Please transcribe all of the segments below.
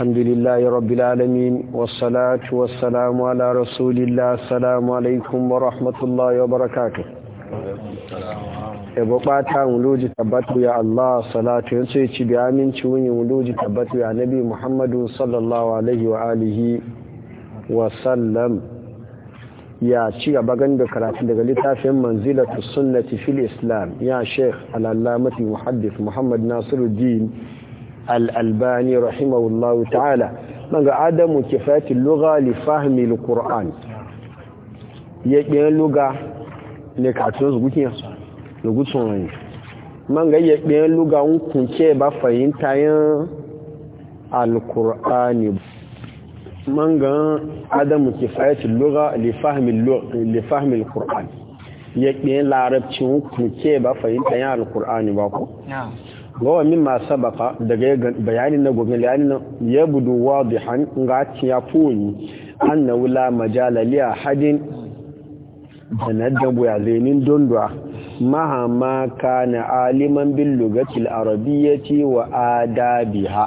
الحمد لله رب العالمين والصلاة والسلام على رسول الله السلام عليكم ورحمة الله وبركاته ebo bata wuluji tabbatu ya Allah salatu yanzu ya ci biya min wuni wuluji tabbatu ya nabi Muhammadu sallallahu alaihi wa alihi wa sallam ya ci gaba gan da karatu daga littafin manzilatu sunnati fil islam ya sheikh al-allamati muhaddith Muhammad Nasiruddin Al'albani albani rahimahullahu ta'ala daga adamu kifayatin lugha li fahmi al ya yaqin lugha ne ka tun zugukin lugutun ne man ga yaqin lugha un ce ba fahimta yin al-qur'ani man ga adamu kifayatin lugha li fahmi li fahmi al-qur'an yaqin larabci un kunce ba fahimta yin al ba ko wawa min ma sabaka daga bayanin na gobe bayanin ya budu han ga tiya an na wula majala li ahadin da na dambu ya zainin dondwa mahama kana aliman bil lugatil arabiyyati wa adabiha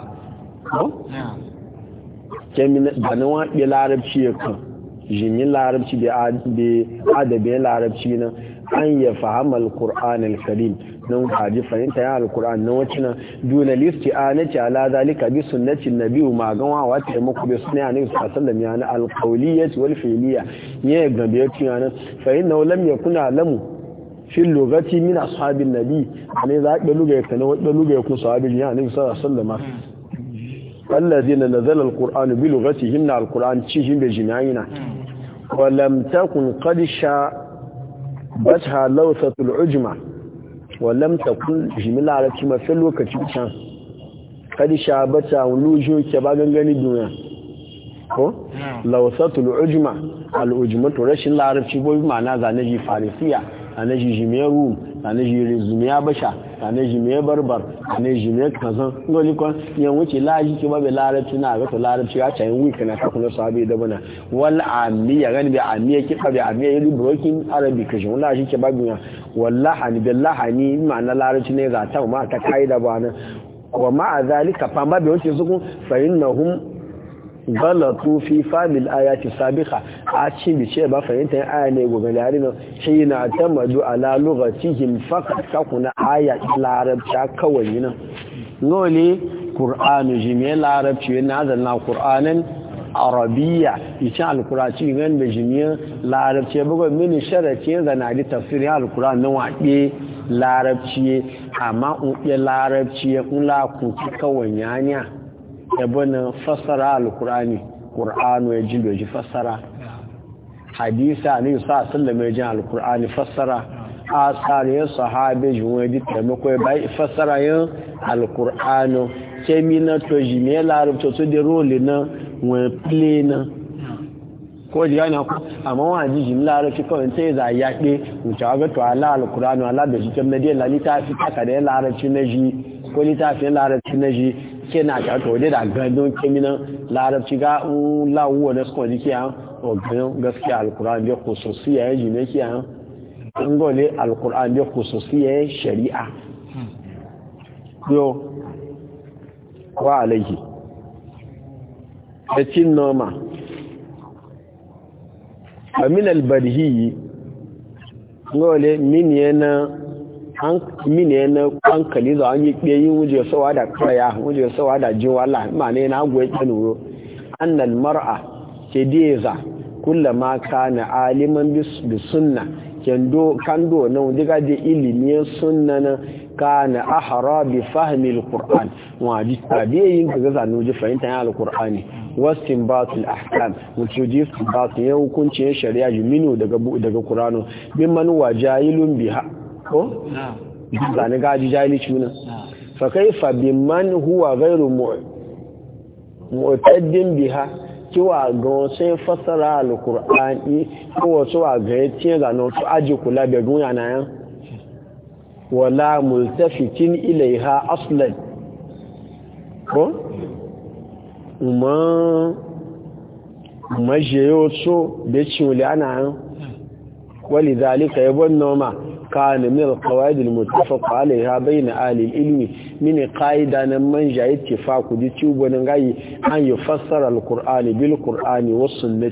kemin da na waɗe larabci ya kan jimin larabci da adabin larabci na an ya fahimar al-Qur'an al-Karim nan haji fahimta ya alkur'an na wacina duna listi a na ce ala zalika bi sunnati nabiyu ma gan wa wata muku bi sunna ne su sallam ya na alqawliyyah wal fi'liyyah ya gabe ya tuna fa inna lam yakuna lamu fil lugati min ashabin nabi ne za ka lugaye kana wadda lugaye ku sahabin ya ne sallama الذين نزل القرآن بلغتهم القرآن تشيهم بجمعينا ولم تكن قد شابتها لوثة العجمة walam takun jimila larabci mafi lokaci can kadi shabata lujun ke ba gangani duniya ko lausatul ujma al ujma to rashin larabci gobi na zane ji farisiya ana shi shi mai rum ana shi rizumi ya basha ana shi mai barbar ana shi mai kazan goli kwan yan wuce laji ki babe larabci na ga larabci ya cayin week na kakuna sabi da bana wal amiya gani bi amiya ki babe amiya yi rubrokin arabi kashi wala shi ki babe ya wallahi billahi ni ma'ana larabci ne za ta ma ta kai da bana wa ma'a zalika fa ma bi wuce sukun kun fa innahum galatu fi famil ayati sabiha a ci bi ce ba fahimta aya ne gobe lari na shi na tamadu ala cikin faqat ka kuna aya larabta kawai nan nole qur'anu mai larabci na zanna qur'anan arabiya alkuraci yi gan da mai larabci bugo mini ya zana di tafsirin al'kur'an na waɗe larabci amma un larabci un la ku kawai yanya ebonin fassara alkur'ani ƙur'anu ya ji doji fassara hadisa ne sa sallama ya ji alkur'ani fassara asariyar sahabe juwon ji taimako ya bai fassara yin alkur'ani kemi na toji mai larabta su da roli na wani pile na ko ji gani ku amma wani jijin larabci kawai ta yi za a yaƙe wuce wa gato ala alkur'ani ala da shi kemna dai lalita fi kasa da ya larabci na ji ko littafin larabci na ji ke na ka to da gandun kemina larabci ga lawuwa na suka jiki a ganin gaskiya alkur'an da khususiyya ya jime ki a an gole alkur'an da khususiyya shari'a yo wa alaihi da noma min albarhi gole min yana mini na hankali za a yi ɓeyi wuje sawa da kaya wuje sawa da jin wala. ma ne na agwai kanuro annal mar'a ke deza kulla ma na aliman bi sunna kendo kando na diga je ilimi sunna na kana ahra bi fahmi alquran wa di tabiyin ga na ji fahimta ya alqurani wastinbatul ahkam mutujis su ya hukunci shari'a yuminu daga daga bin manuwa jayilun biha ko ba ni gaji jahilci nan fa kaifa biman huwa ghairu mu'taddin biha kiwa ga sai fasara alqur'ani ko wasu wa gaya yace ga no su aji kula da duniya na yan wala multafitin ilaiha aslan ko umma maje yoso da ciwuli ana yan wali zalika ya yabon noma كان من القواعد المتفق عليها بين اهل العلم من قاعدة من جاء اتفاق دي تيوبون غاي ان يفسر القران بالقران والسنه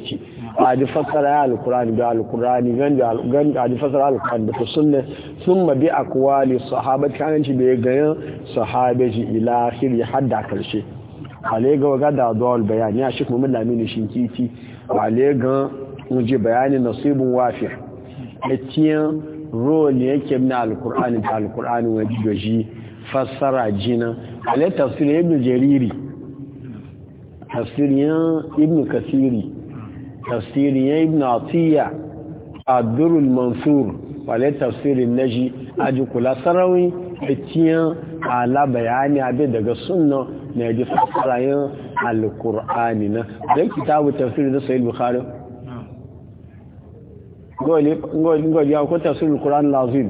أدي فسر القران بالقران غن غن أدي فسر القران بالسنه ثم باقوال بأقوال الصحابة كانت بيغيان صحابة الى اخر حد أكل عليه غو غدا دول بيان يا شيخ محمد لامين شنكيتي عليه غن نجي بيان نصيب وافر اتيان role yake na alkur'ani da alkur'ani wajen gaji fassara jina ale tafsirin ibn jariri tafsirin ibn kasiri tafsirin ibn atiya abdurul mansur ale tafsirin naji aji kula sarawi etiyan ala bayani abin daga sunna na ji fassara yin alkur'ani na don kitabu tafsirin da sahih bukhari ngoli ya ko sun Qur'an lazim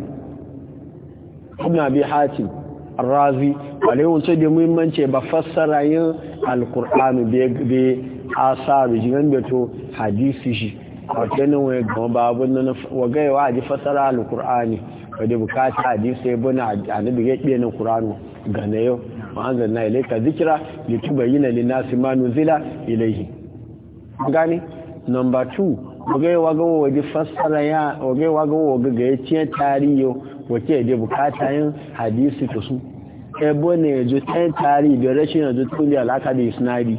Ibn Abi Hatim Ar-Razi wale wancan da muhimmanci ba fassara yin Al-Qur'an be asaru jinan da to hadisi shi wato nan waye ga babu nan waga yawa hadisi fassara Al-Qur'ani wanda bukata hadisi ya bana annabi ya kiyaye nan Qur'ani ga na yau ma'anzalna ilayka dhikra litubayyana lin-nasi ma nuzila ilayhi gani number 2 wage waga waje fassara ya wage waga waje ga ya ciye tariyo wace da bukata yin hadisi ta su ebo ne ya yanzu ta yin tariyo da rashin yanzu tun da alaka da isnadi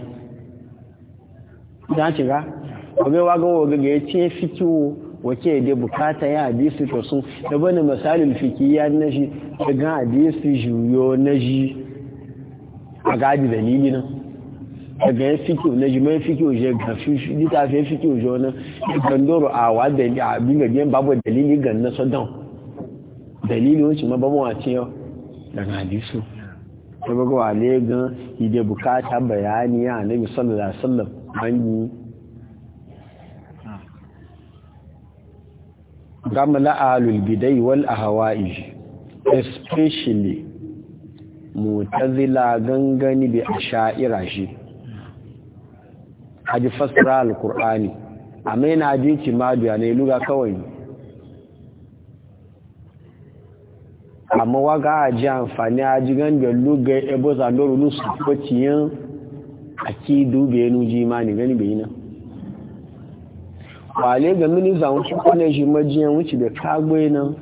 ta ga wage waga waje ga ya ciye fikiwo wace da bukata ya hadisi ta su ebo ne misalin ya na shi ga hadisi juyo na shi a gadi dalili nan daga ya fiki na jima ya fiki oje ga fifi dita fi ya fiki oje wani gandoro a wa dalili a bin ga biyan babu dalili ga na sadan dalili wancin ma babu ọ́ gbàgbà daga hadisu ta baga wa ne gan ide bukata bayani ya nabi là alaihi wasallam ń yí. gamala ahlul bidai wal ahwa'i especially mutazila gangani bi ashaira shi haji fasara alkur'ani amma yana hadin cimadu ne luga kawai amma waga haji amfani haji gangan luga ebo zandoro lusu kwaciyar aki dube yanu ji imani gani bai na kwale ga minista wuce kone shi majiyan wuce da kagbe nan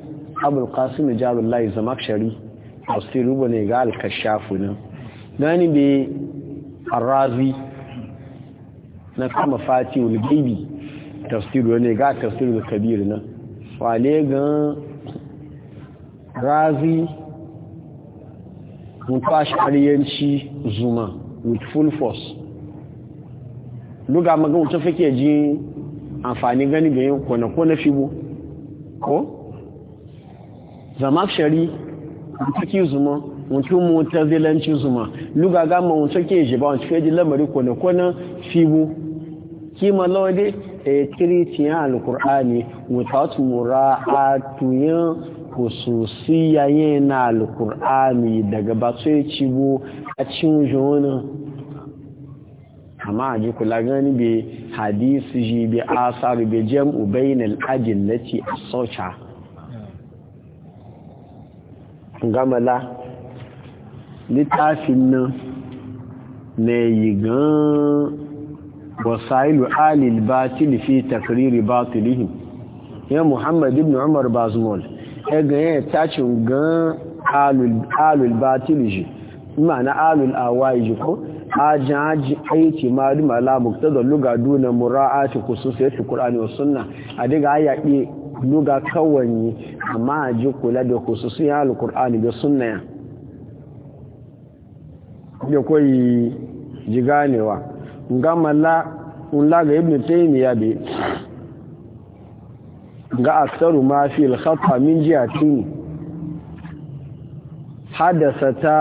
abulkasim jarullahi zamakshari a ruba ne ga alkashafu nan gani bai arrazi na kama fati ulgaibi tafsiru ne ga tafsiru kabiru nan wale gan razi mutuwa ariyanci zuma with full force luga maga wuce fake ji amfani gani ga yin kone-kone na fibo ko? zama shari mutuki zuma mutum mutazilanci zuma luga gama wuce ke ji ba wuce fake ji lamari kone na fibo kima ẹ̀tírí ti tiritiyan alkur'ani without sí hususiya na alùkùránì daga ba sai wo a cin jona amma ji gani be hadisi ji asar be jam'u bainal ajillati as-socha gamala littafin nan na yi gan wasailu alil batil fi takriri batilihim ya muhammad ibn umar bazmol ya e ga ya tacin gan alul batil ji ma'ana alul awai ji ko ajin aji aiki mari mala muktadar luga duna mura'ati khususiyati qur'ani was sunna a daga ayaki luga kawai amma aji kula da khususiyati alqur'ani da sunna ya koyi ji gama la ga ibn taymiya be ga aktaru ma fi al-khata min jiatin hadasata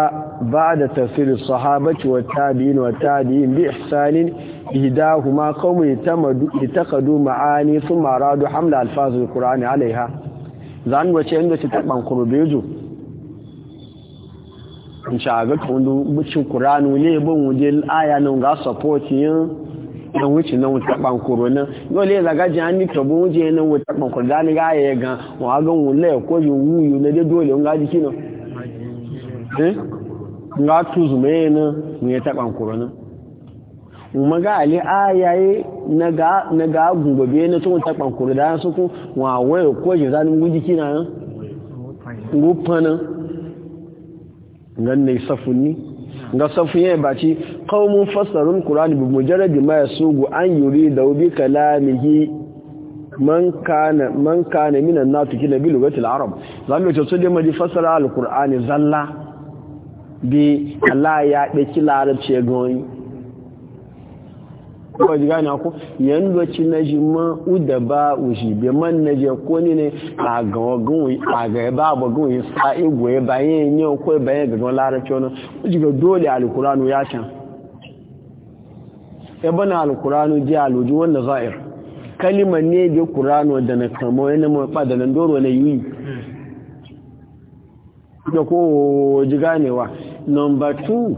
ba'da tafsir as-sahabati wa tabi'in wa tabi'in bi ihsanin idahuma qawmi tamadu itaqadu ma'ani thumma radu hamla al-fazil qur'ani 'alayha zan wace inda ci taban kurbejo ga kundu bucin kuranu ne bin wuje aya nan ga support yin na wuce nan ban bankuro nan dole zaga ji ni to bu wuje nan wuce ban da ni ga ya ga wa ga wule ko ji wuyu na dai dole nga ji kino eh nga tuzu me nan ne ta ban bankuro nan umma ga ali ayaye na ga na ga gugobe na tun ta ban bankuro da su ku wa waye ko ji zanin wuji kina nan ngupanan ganne ni ga safun yayin baci qaumun fasarun qur'ani bi mujarradi ma yasugu an da ubi kalamihi man kana man kana minan natu kina bi lugatil arab zamu ce sun dai fassara fasara qurani zalla bi Allah ya dake larabce goyi ba ji gane ku yan doci na ji ma u da ba u shi bi man na je ko ni ne a ga a ga ba ba gun yi sa igwe ba yin yin ko e ba yin gagan larabci wannan ji ga dole alkuranu ya can ya e bana alkuranu ji aluji wannan za'ir kalima ne bi kuranu da na kamo yana mai fada nan doro na yi da ko ji ganewa number 2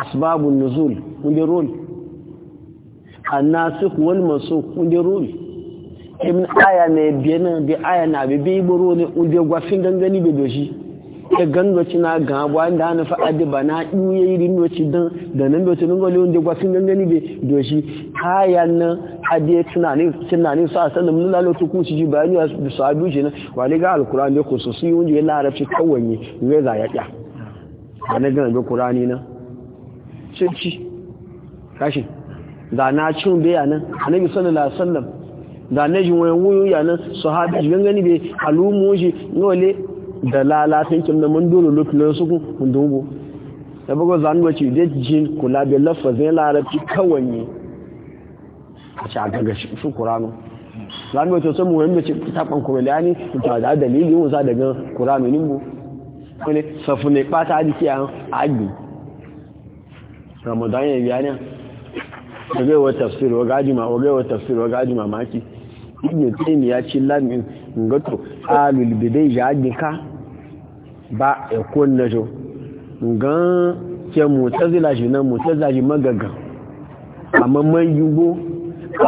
asbabun nuzul mun dai role annasikh wal mansukh unde ruwi ibn aya ne biyan bi aya na bi bi buru ne unde gwafin gangani be doshi e ganga cina ga ba da na fa bana na iye irin doci dan da nan doci nan gole unde gwafin gangani be doshi aya na adiye tunani tunani sa sallam nan lalo to kuci ji bayani da sahabi ji na wa le ga alquran ne khususi unde larabci kawai ne we za ya ya ana ga alqurani na cin ci kashi da na cin bai nan annabi sallallahu alaihi wasallam da na jin wayan wuyu yanan sahabi gan gani bai alumu shi nole da lalatin kin mun dole lokacin su ku mun dungo da bugo zan wace da jin kula da lafazin larabci kawai ne a ci a gaga shi kuranu zan wace sun muhimmi da ci ta kan kuma da ta da dalili mun sa daga kuranu nin mu ne safu ne ba ta hadisi a agbi ramadan ya biya ne wagaiwa tafsir wa gajima wagaiwa tafsir wa gajima maki ibn taymi ya ci lamin ngato alul bidai jadika ba e kunna jo ngan ke mutazila shi nan mutazila shi magaga amma man yugo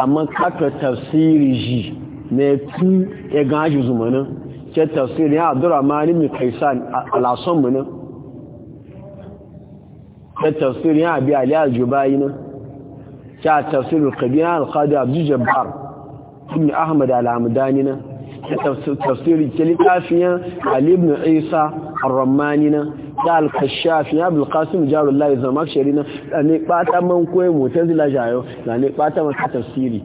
amma kaka tafsiri shi ne tu e gaji zumana ke tafsiri ya abdurrahman ibn kaisan alasan mu nan ke tafsiri ya abi ali aljubayi nan ta tafsirul kabir al-qadi abdul jabbar ibn ahmad al-hamdani na tafsirul kalifafiya ali ibn isa ar-rammani na da al-kashaf ya abdul qasim jarullahi zamakshari na ne bata man koyi mutazila jayo na ne bata man tafsiri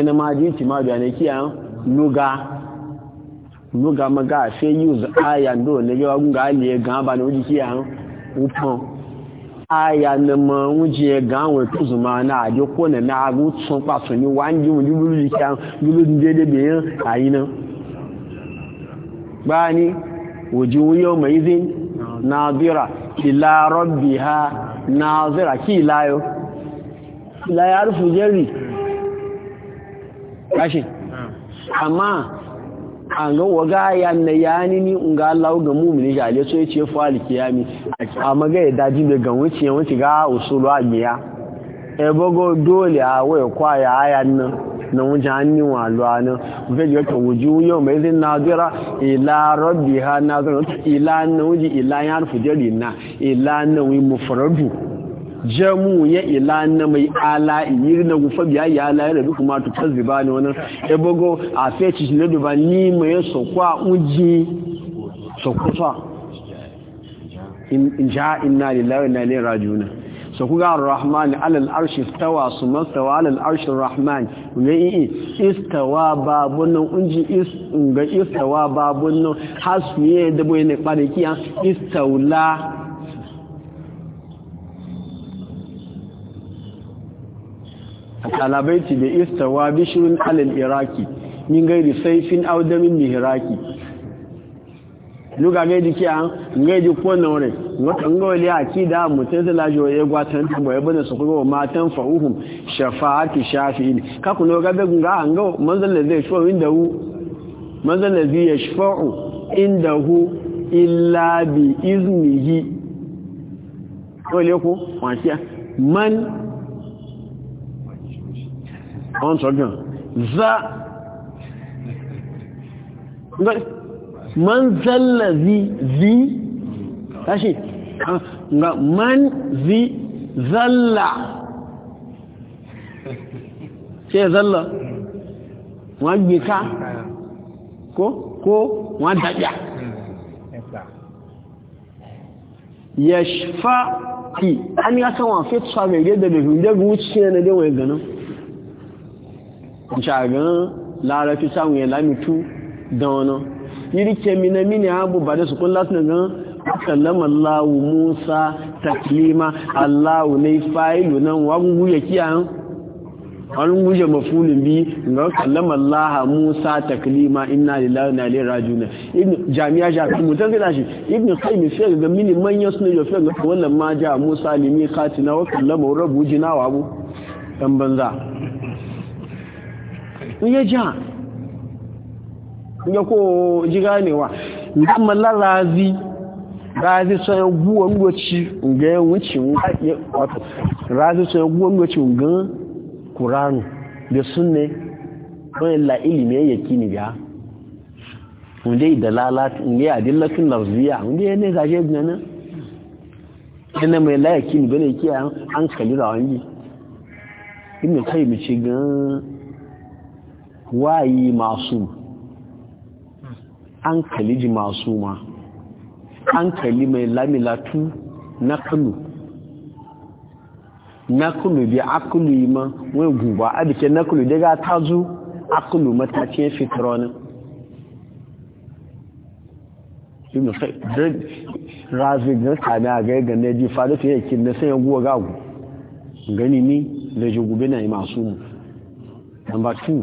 ina ma ji ti ma bayane kiyan nuga nuga maga sai use aya ndo ne ga gunga ali ba ne upon aya na ma wuje ga won to zuma na ajo ko na na agu tun pa tun ni wa nji mu dulu li kan dulu nde de be yan ayina bani wuju yawma izin nadira ila rabbiha nazira ki layo la yarfu jari kashi amma an waga ya na yani ni in ga Allah mu mu'mini ga le so yace fa alkiyami a maga ya daji da gan wuce wuce ga usulu amiya e bogo dole a waya kwaya aya nan na wujan hannun walwa nan wufe ji wata wuju yau mai zin na ila rabbi ha na ila na wuji ila ya rufu jari na ila na wi jamu ya ila na mai ala yi na gufa biya ya ala ya rabi kuma tutar ziba ne wani ebogo a feci shi na duba ni mai sokwa uji sokusa in ja inna lillahi na ilaihi rajiuna so kuga ar-rahman alal arshi istawa summa istawa alal arshi rahman ne yi istawa babun unji is ga istawa babun hasmiye da boye ne kpare kiya istawla talabaiti da istawa bishirin alil iraki min gairi saifin audamin iraki luga da ki an gaidi ko naure wata ngoli a ki da lajo ya gwatan tambo ya bane su kuma matan fa'uhun shafa'atu shafi'in ka ku no gabe gunga an ga manzal zai shafa'u inda hu manzal zai zai shafa'u inda hu illa bi iznihi ko le ko wasiya man àwọn sọ́gbọ̀n za man zalla zi zi tashi ga man zi zalla ṣe zalla wọ́n gbé ká kó kó wọ́n dájá yashfa an ya wa fi tsawon da wuce ne da shagan larafi samun ya lamitu da wani yirke mina mini abu ba da su kula suna gan kallama lawu musa taklima allahu ne fa'ilu nan wagungu ya kiyayen wani guje mafulin bi ga kallama laha musa taklima inna lillahi na lera juna ibn jami'a sha shi musa abu dan banza ya ja ya ko ji ganewa idan mallar razi razi yi guwa ngoci ga wuce wato razi yi guwa ngoci ga Qur'an da ne wani la'ili mai yaki yakini ga wanda yi dalalat ne a dillatin larziya wanda ya ne zaje nan ina mai la yakini bane kiyaye an kalli da wani ibn taymi ce ga gan wayi masu an kaliji masu ma an kali mai lamilatu na kanu na kulu bi akulu yi ma wai guba a na kulu daga ta zu akulu matacin fitronin razin kame a ga yadda na ji fada ta yakin na sanya guwa gagu gani ni da jigube na yi masu mu number two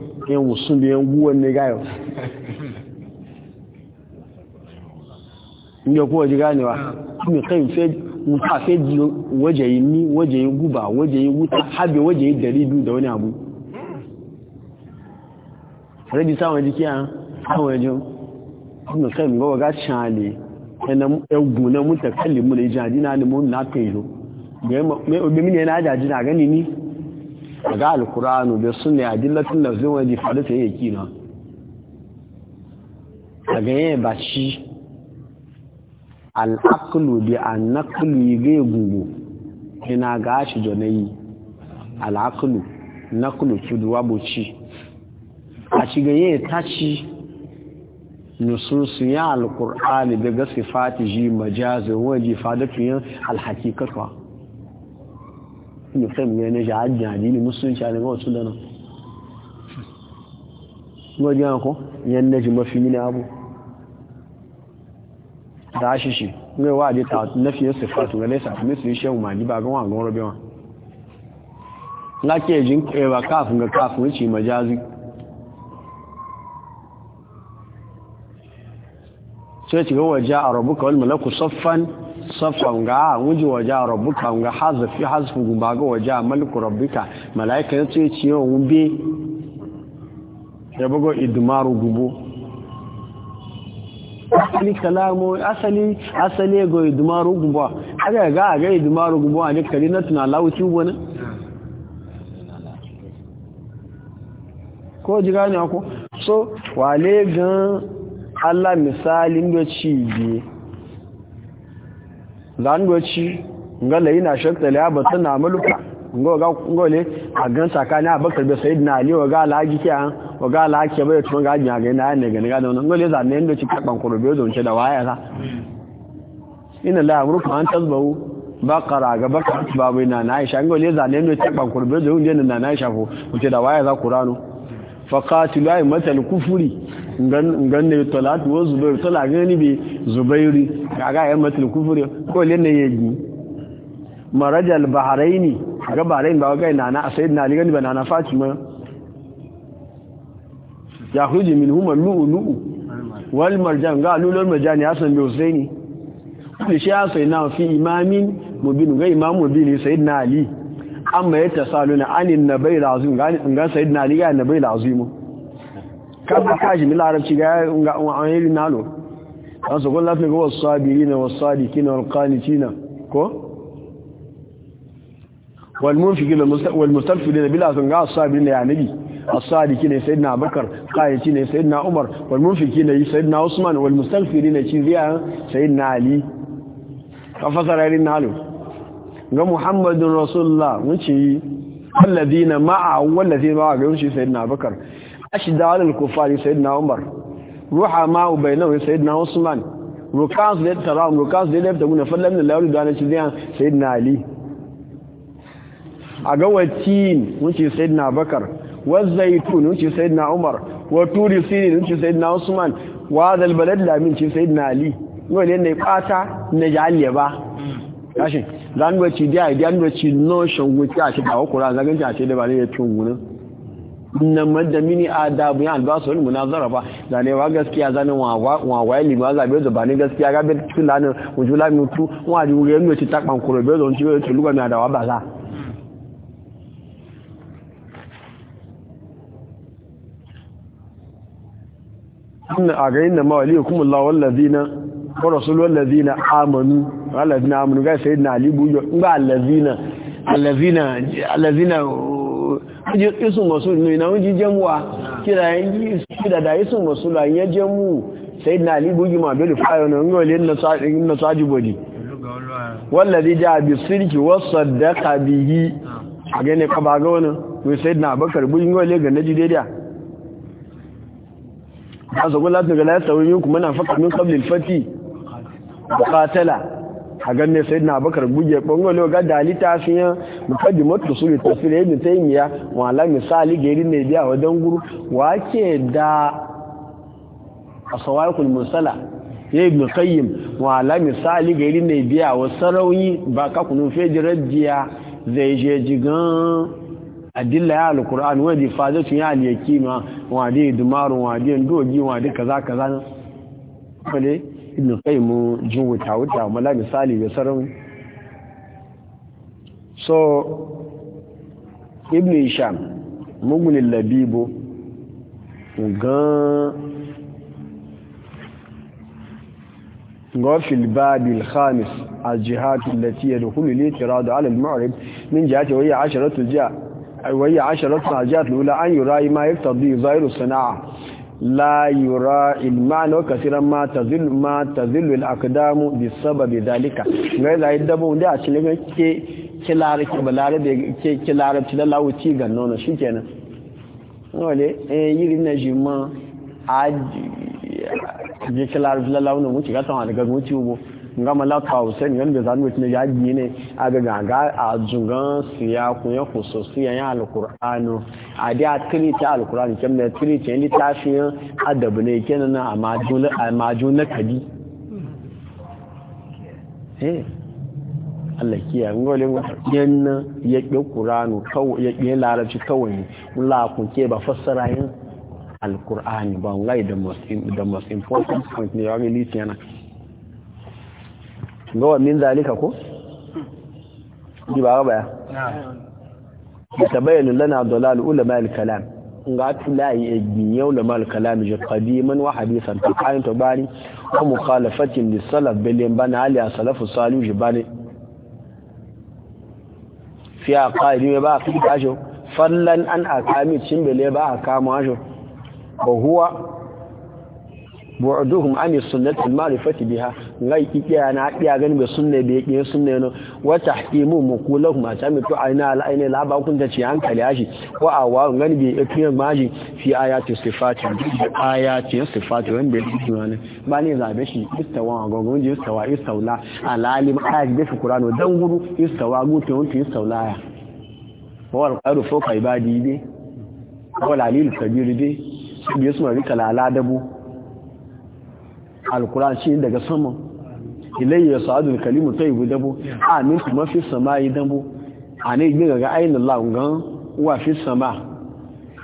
yan wusun da yan guwan ne gayo inda kuwa ji ganewa kuma kai mutu fe ji waje yi e e ni waje yi guba waje yi wuta habe waje yi dari da wani e abu rabi sáwọn jiki a sáwọn ẹjọ́ kuma kai mu gawa hali ẹgbùn na mutakalli mu da na alimun na pelo obemini yana ajaji na gani ni daga alkur'anu da a dillatin da zai wani faru ta yake na daga yin baci al'aklu bi yi gaya gugu ina ga shi jonayi al'aklu naklu kiduwa boci a ci shiga yin taci nususun ya alkur'ani daga sifati ji majazin waje fadatun alhakikatuwa ibn qayyim ya ne jihadin addini musulunci ne ga da nan wajen ko yan naji mafi mini abu da shi shi ne wa da ta nafi ya sifatu ga laisa kuma su shehu mali ba ga wa ga robe wa lake jin ba safa nga wuji waje rabbuka nga hazafi hazfu gumba ga waje maliku rabbika malaika ya ce ciye wube ya bugo idmaru gubo asali kalamu asali asali go idmaru gubo aga ga ga idmaru gubo a ne na tuna lawuci wani ko ji gane ko so wale gan Allah misalin da ci biye doci ngala yana shakta la ba tana mulka ngoga ngole a gan a bakar da na ali wa ga alhaji kiya wa ga alhaji bai tun ga ga na ne ga ga don ngole zane ndo ci karban kurbe don ce da waya sa inna la amruka an tasbahu bakara ga bakar babu na na aisha ngole zane ndo ci karban kurbe don ne na aisha ko ce da waya za qur'ano faƙatu layi matal kufuri ngan da talatu wa zubairu tala gani bai zubairu kaga ya matal kufuri ko lena ya yi marajal bahraini ga bahrain ba ga Nana. A asai na ligani ba na na fatima ya khuji min huma lu'lu'u wal marjan ga lulul ya san bi husaini kulli shi ya hasan na fi imamin mubin ga imamu bi ne na ali amma ya tasaluna anin nabai lazim gani in ga sayyidina na liya nabai da azim ka ba ji mi larabci ga ga na nalo an so kullu fi go sabirina was sadiqina wal qanitina ko wal munfiqina wal mustafidina bil azim ga sabirina ya nabi as-sadiqina sayyidina abubakar qanitina sayyidina umar wal munfiqina sayyidina usman wal mustafidina chi ziya sayyidina ali ka fasara irin nalo ga muhammadun rasulullah wuce yi wallazina ma'a wallazina ma'a ga wuce sayyidina abubakar ashida alal kufari sayyidina umar ruha ma ma'u bainahu sayidina usman rukas da taram rukas da yadda guna fallan da lauri da nace da sayyidina ali a ga wacin mun wuce sayyidina abubakar wa zaitun wuce sayyidina umar wa turi sinin wuce sayyidina usman wa zal balad lamin ce sayyidina ali wani ne kwata na jaliya ba kashi zanuwa ci da idea nuwa ci notion wuce a shi ba hukura zaganci a ce da ba ne ya cin wunin na madda mini adabu ya albasu wani munazara ba da ne wa gaskiya wa wawaye lima za bai zuba ne gaskiya ga bai cikin lanin wuju lami mutu wa ji wuri nuwa ci takpan kuro bai zonci bai ci da adawa ba za a ga yin da mawali hukumullah na. ورسول الذين آمنوا الذين آمنوا قال سيدنا علي بوجو نبا الذين الذين الذين اسم رسول نينا وجي جموا كده ينجي كده ده اسم رسول ان جمو سيدنا علي بوجو ما بيل فايو نقول ان ان ساجبودي والذي جاء بالصدق وصدق به agane ka ba ga wannan wai sayyidina abakar bujin gole ga naji daidai a zagon latin ga layar saurin yanku mana faka min kablin fati bukatala a ganin sai na bakar buge ɓangalo ga dalita sun yi mukaddi matu su littafi da yadda ta yi miya wala misali gari ne biya wajen guru wake da a sawaikul musala ya ibn qayyim wala misali gari ne biya wa sarauni ba ka kunu fejirar jiya zai je jigan adilla ya alkur'an wadi fadatu ya alyakima wadi dumarun wadi dogi wadi kaza kaza ne ibn mu jin wuta wuta mala misali da sarrin so ibn isham mugunin labibo gan غفل الباب الخامس الجهات التي يدخل الاعتراض على المعرب من جهة وهي عشرة جهة وهي عشرة الجهات الأولى أن يرأي ما يقتضي ظاهر الصناعة la yura ilmano kasiran ma ma tazil al aqdamu bi sababi zalika ngai zai dabo da a cikin ke kilare ke balare da ke kilare ci da lawuci ga nono shikenan wale e, yiri na jima a je kilare da lawuci ga tan daga guci ubo nga malaka hussein yan da zanu ne ya gi ne a ga a jungan siya ku ya siya ya alqur'anu a da tiri ta alqur'ani kem ne tiri ta ni ta shi adab ne kenan a a majul na kadi hmm. eh Allah kiya ngole yan ya ki qur'anu ya ki larabci kawai la kun ke ba fassara yin alkur'ani ba ngai da most important point ne ya wani litiyana gawa min zalika ko ji ba baya tabayyana lana dalal ulama al-kalam ga tilayi ibn ulama al-kalam ji qadiman wa hadisan ta ayin to bani wa mukhalafatin lis salaf bil bana ali salafu salih ji bani fi aqaidi ba fi kasho fallan an aqami cin bele ba kama shi ba huwa bu'duhum an sunnati al-ma'rifati biha ngai kiya na iya gani be sunne be yake sunne no wa tahkimu muqulahum atamitu aina al-aina la ba kun tace hankali ashi wa awa ngani be e yake maji fi ayati sifati ayati sifati wanda be yake wani ba ne zabe shi istawa gogo je istawa istaula alalim ayat be qur'ano dan guru istawa gute wanda istaula ya wa al-qaru fawqa ibadi be wa al-alil kabir be yasma rika la dabu alquran shi daga sama ilayya sa'adul kalimu tayyibu dabo amin kuma fi sama'i dabo ani gbe ga ayin Allah ngan wa fi sama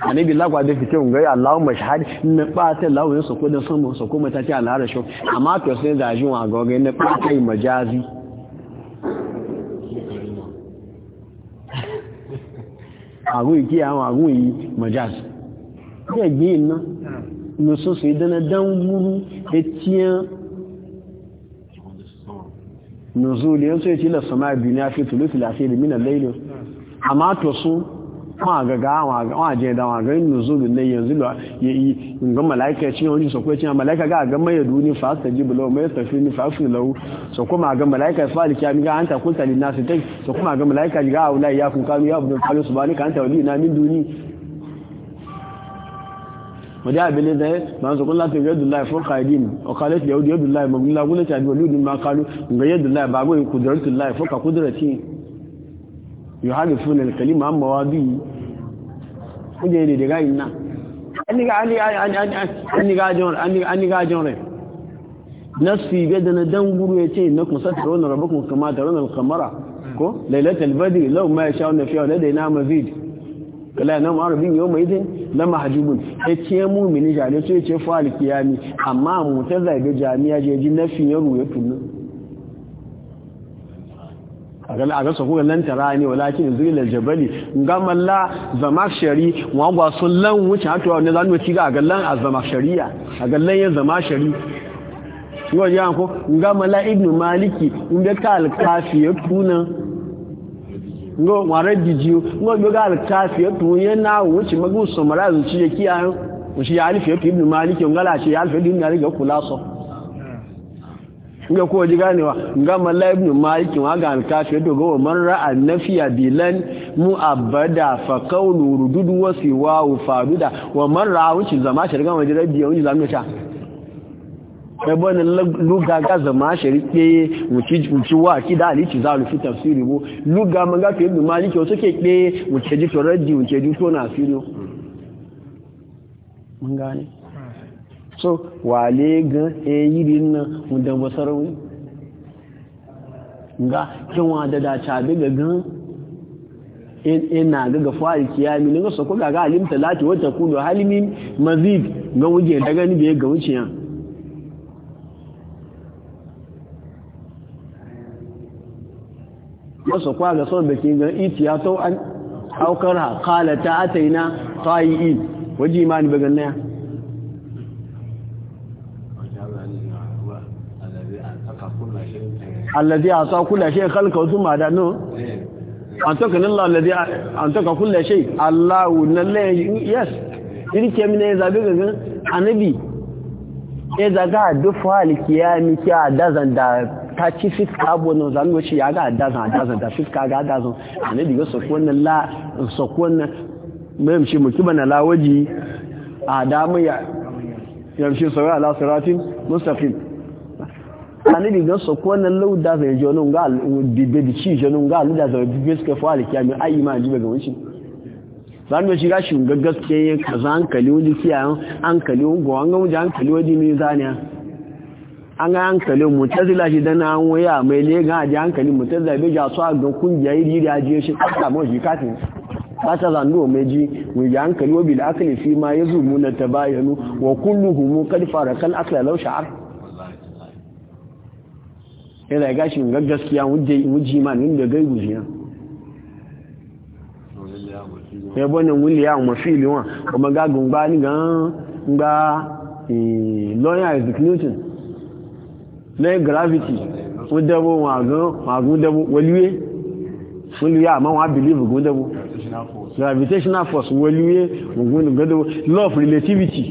ani bi lagwa da fike ngan Allahumma shahad ne ba ta lawo yin soko da sama soko mata ta alara sho amma to sai da jin wa gogo ne ba kai majazi agun ki àwọn agun yi majazi nusus idana dan wuru etiyan nuzuli yan so yace la sama bi na fi tulus al-akhir min al-layl amma to su ma ga ga wa ga wa je da wa ga nuzulun ne yanzu da yi ga malaika ya ce wani so ko ce malaika ga ga mai duni fa ta ji bulo mai fi ni fa su lawo so kuma ga malaika fa alki mi ga anta kunta lin nas dai so kuma ga malaika ga aula ya kun kanu ya abu kalu subhanaka anta wali na min duni وجاء بلده ما نقول الله في يد الله فوق أيديهم وقالت اليهود يد الله مبلغ قلت عن اليهود ما قالوا يد الله بعضهم قدرة الله فوق قدرتي يحرفون الكلمة عن مواضيه kuje ne daga inna an ga ali an ga jon an ga jon re nafsi bedana dan guru yace na kuma satta wannan rabbukum kama tarawna al-qamara ko lailatul badri law ma yasha'una fiha ladaina mazid kala nam arabin yawma idin na mahjubun ya ce mu mini jami'a sai ya ce fa alkiyami amma mu ta zaibe jami'a je ji nafi ya ruya tunna agal aga so kuma lan ne walakin zilal jabali ngamalla zamakshari wa gwa lan wuce hatuwa ne zanu ci ga agallan a gallan ya zama shari yau ya ko ngamalla ibnu maliki inda ka alkafi ya tunan ngo mware dijiu ngo yoga alkafi yotu yena wuci magu somara zuci yake ya ibn malik ngala ngo ko ji ganewa nga mala ibn malik wa ga alkafi yotu go man nafiya bilan fa qawlu rududu wa wa wa man zama shirga ẹgbọ́n lúga gázọ̀má ṣẹ̀rí pé mùtíwà kí dáàlì ti záàlù fi tafsiri wo lúga mọ́gáfẹ́ ìlú máa ní kí o sókè pé mùtẹ́jú tọrọ di mùtẹ́jú tó náà sí ló mọ́gáni so wà lé gan èyí rí náà mùdànbọ̀ sọ́rọ̀wí nga kí wọ́n dada ṣàbí gan ina gaga fari kiyami ne ga sako ga alimta lati wata kudu halimin mazid ga wuje daga ni bai ga wuciyan masa kwa ga son da ke iti ya tau an aukar ha kala ta ataina tayi waje imani bagan naya alladhi asa kullu shay khalqa thumma dano an taka nan allazi an taka shi Allahu na lalle yes irke ya zabe ga annabi e zaga dufa alkiyami ki dazan da ta ci fiska bono zan wuce ya ga dazan dazan da fiska ga dazan annabi ga sako na la sako na mai shi mutuba na lawaji adamu ya yamshi sawa ala siratin mustaqim annabi daga sako na lau da zai jono ga bibe di ci jono ga lu da zai bibe suka fa alkiyami ai ma ji ga wuce zan wuce ga shi ga gaskiya zan hankali wani kiyayen hankali wani gwa an ga wuce hankali wani mizaniya an ga hankalin mutazila shi dana an waya mai lega a ji hankalin mutazila bai ja su a ga kungiya yi da ajiye shi kasa mawa shi kafin kasa zanuwa mai ji wuyi hankali wabi da akali fi ma ya zumu na ta bayanu wa kullu humu kadi fara kan akala lau sha'ar yana ya gashi ga gaskiya ji ma nin da gai gujiya ya bonin wuliya mafi liwan kuma ga ba ni ga eh, lawyer is the newton na gravity wọ́n dẹ́bọ̀ wọn àgún dẹ́bọ̀ wọlúwé wọlúwé àmọ́ wọn á believe gún dẹ́bọ̀ gravitational force wọlúwé ògún dẹ́bọ̀ law of relativity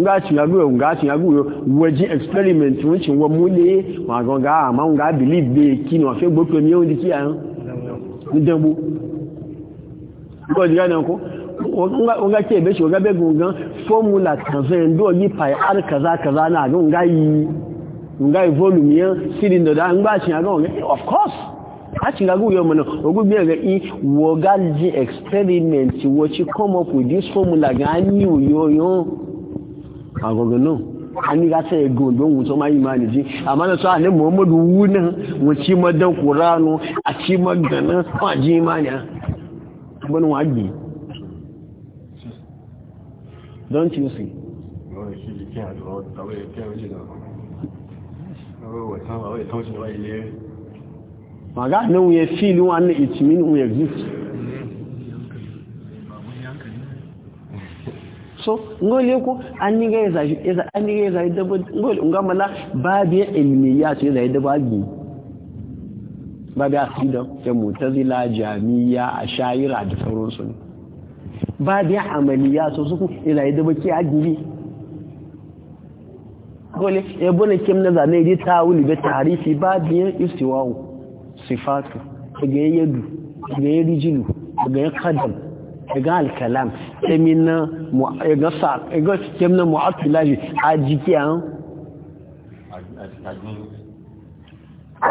nga cinyagu yo nga cinyagu yo waji experiment wọ́n ci wọ́n múlé wọn àgọ́ ga àmọ́ wọn ga believe bẹ́ẹ̀ kí ni wọ́n fẹ́ gbókè ní oúnjẹ kí àyàn ní dẹ́bọ̀ gbọ́dọ̀ yánà kó wọ́n ké ìbẹ́ṣẹ̀ wọ́n gábẹ́gùn gan fọ́mùlà kàzẹ́ ndó yí pàì àr kàzá kàzá náà àgbọ̀n gáyìí ngai volume ya cylinder da an bashi eh, of course a ci gagu yau mana ogu biya ga i wogalji experiment wace come up with this formula ga ni yoyo agogo no ani ga sai go don wuto ma imani ji amma na so annabi Muhammadu wuna wuci madan Qur'anu a ci magana a ji imani ban waji don't you see maga nan ya fili wannan itimin mean we exist so ngole ko an ni ga zai an ni ga zai da ngole ngamala babu ilmiya sai zai da babu babu asida da mutazila jami'a ashaira da sauransu babu amaliya so su ku zai da baki agiri kole ya eh, bane kim na zane di tawul bi tarifi ba biyan istiwa'u sifatu ga yadu ga rijilu ga kadam ga al-kalam kemina ga sa ga kemna a jiki an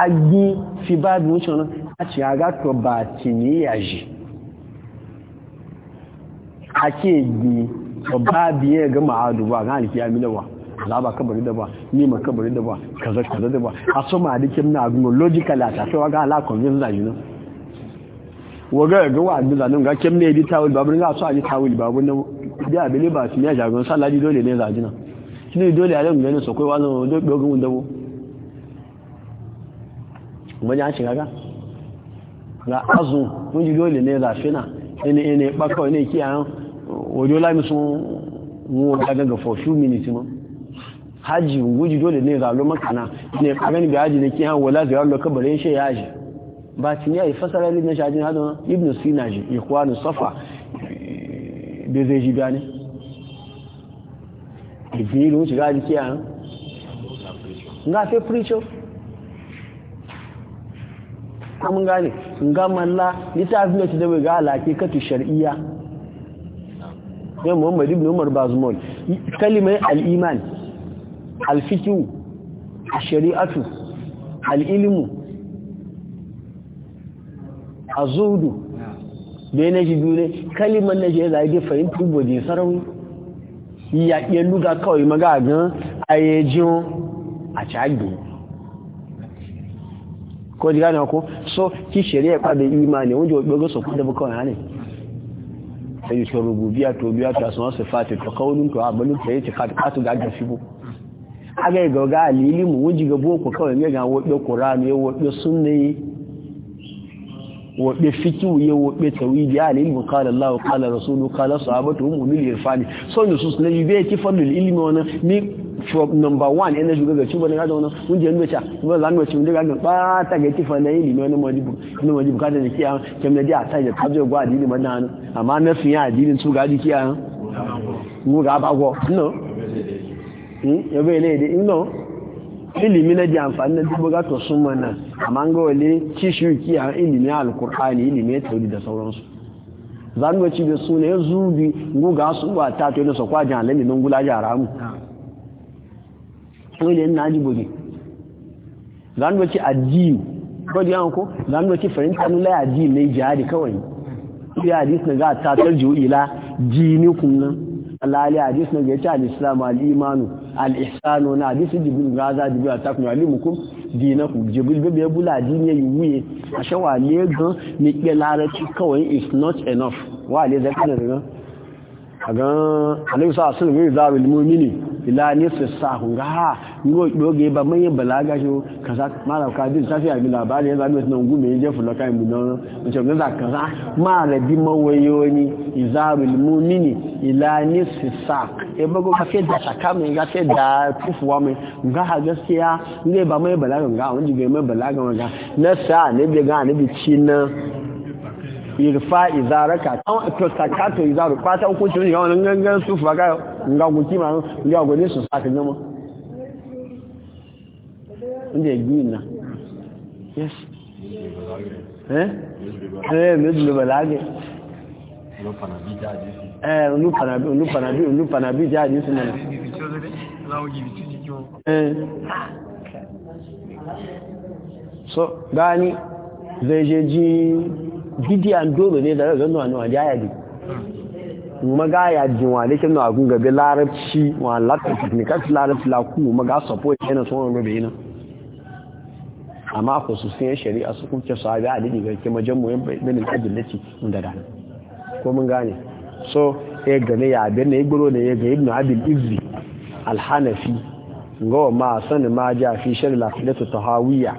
agi fi ba bi wucin a ci aga to ba ti ni yaji ake gi to ba biye ga ma'adu ba ga alkiyamilawa azaba kabari da ba nima kabari da ba kaza kaza da ba asoma dikin na agun logical ata sai waga ala convince da you waga ga wa abin zanin ga kem ne di tawul babu ga so aji tawul babu ne da abin ba su ne jagon ladi dole ne za jina kini dole a nan ne so kai wani do dogon dabo mun ya shiga ga ga azu mun ji dole ne za fina ene ene bakawai ne kiyayen wajo lamisun mu daga ga for few minutes mun haji wuji dole ne zalo makana ne a gani ga haji ne kiyan wala zalo kabarin shi ya haji ba tin yayi fasara ne shajin hado ibnu sina ji ikwanu safa be zai ji gane ibiru ji ga ji kiyan nga fe fricho kamun gane nga malla litafin da ta ga alaki katu shar'iyya ne Muhammad ibn Umar Bazmol kalimai al-iman alfikiu a shari'atu al'ilimu a zudu bai na shi dune kalimar na shi ya zai fahimta gwaje ya iya luga kawai magagan a yi jiyon a cagi ko ji gane ko so ki shari'a kwa imani wanda wajen gasa kuda bukawai hannun sai yi shi rububiya to ta suna sifati to kaunin to katu ga gafi bu aga ga ga alili mu wuji ga boko kawai me ga wobe qur'ani ya wobe sunni wobe fiqh ya wobe tawhid ya alili mu qala allah qala rasulu qala sahabatu hum ulil irfani so ne sus ne yibe ki fadlul ilmi wana mi from number 1 ina shuga ga chuba ne ga wannan mun je ndocha mun zan ndocha mun ga ga ba ta ga tifa na ilimi wani majibu ne majibu kada ne kiya kemne dia ta ta je gwa adini manana amma na fiya adini su ga adini mu ga ba go no yau bai lai ino ilimi na ji amfani na dubu gato sun mana amma ga wale ci shi kiya ilimi alkur'ani ilimi ya tauri da sauransu zan ga suna ya zubi guga su ba ta to yana sakwa jan don gula jara mu wani yana naji boge zan ga ci ajiyu ko di ko kawai ya na ga ta na islam al-imanu al-ihsanu na hadisi jibril gaza jibril atakum alimukum dinakum jibril be be bula dine yuwe wa le gan ni pe lara ti kawai is not enough wa le zakan ran agan alayhi sallallahu alaihi wasallam zaru al-mu'mini ila ne su sa hunga ha ngo doge ba mai balaga jo kaza mala ka din safi a abi labari ya zanu na mai je fulo kai mu no nche ngaza kaza mala bi mawayoni weyoni izarul mu'mini ila ne su sa e bago ka fe da saka mai ga fe da tufu wa me nga ha gaskiya ne ba mai balaga nga wani ga mai balaga nga na sa ne bi ga ne bi cin irfa izaraka to sakato izaru pata hukunci ne ga wannan gangan su fa ga ga guki ma ga gode su saka gama inda gina yes eh eh mezlu balage eh lu panabi lu panabi lu panabi ja ni sunna eh so gani zai je ji bidiyan dole ne da raga nuna nuna jaya ne ya ji wa ke nuna gun gabe larabci wa latin ne kasu larabci laku maga support yana sun wani gabe yana amma ku su sun shari'a su kuke su abi a didi garke majan mu bin kabilaci da da ko mun gane so ya gane ya bin ne guro ne ya ga ibnu abil izzi al-hanafi ngo ma san ma ja fi shari'a lafilatu tahawiyya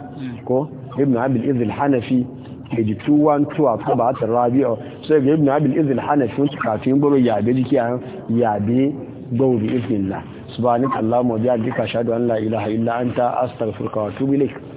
ko ibnu abil izzi al-hanafi page 212 a ta rabi'a sai ga ibn abil izin hana shi wata kafin gwaro yabe jiki a yabe gauri ibn la subhanak allahumma wa bihamdika ashhadu an la ilaha illa anta astaghfiruka wa atubu ilaik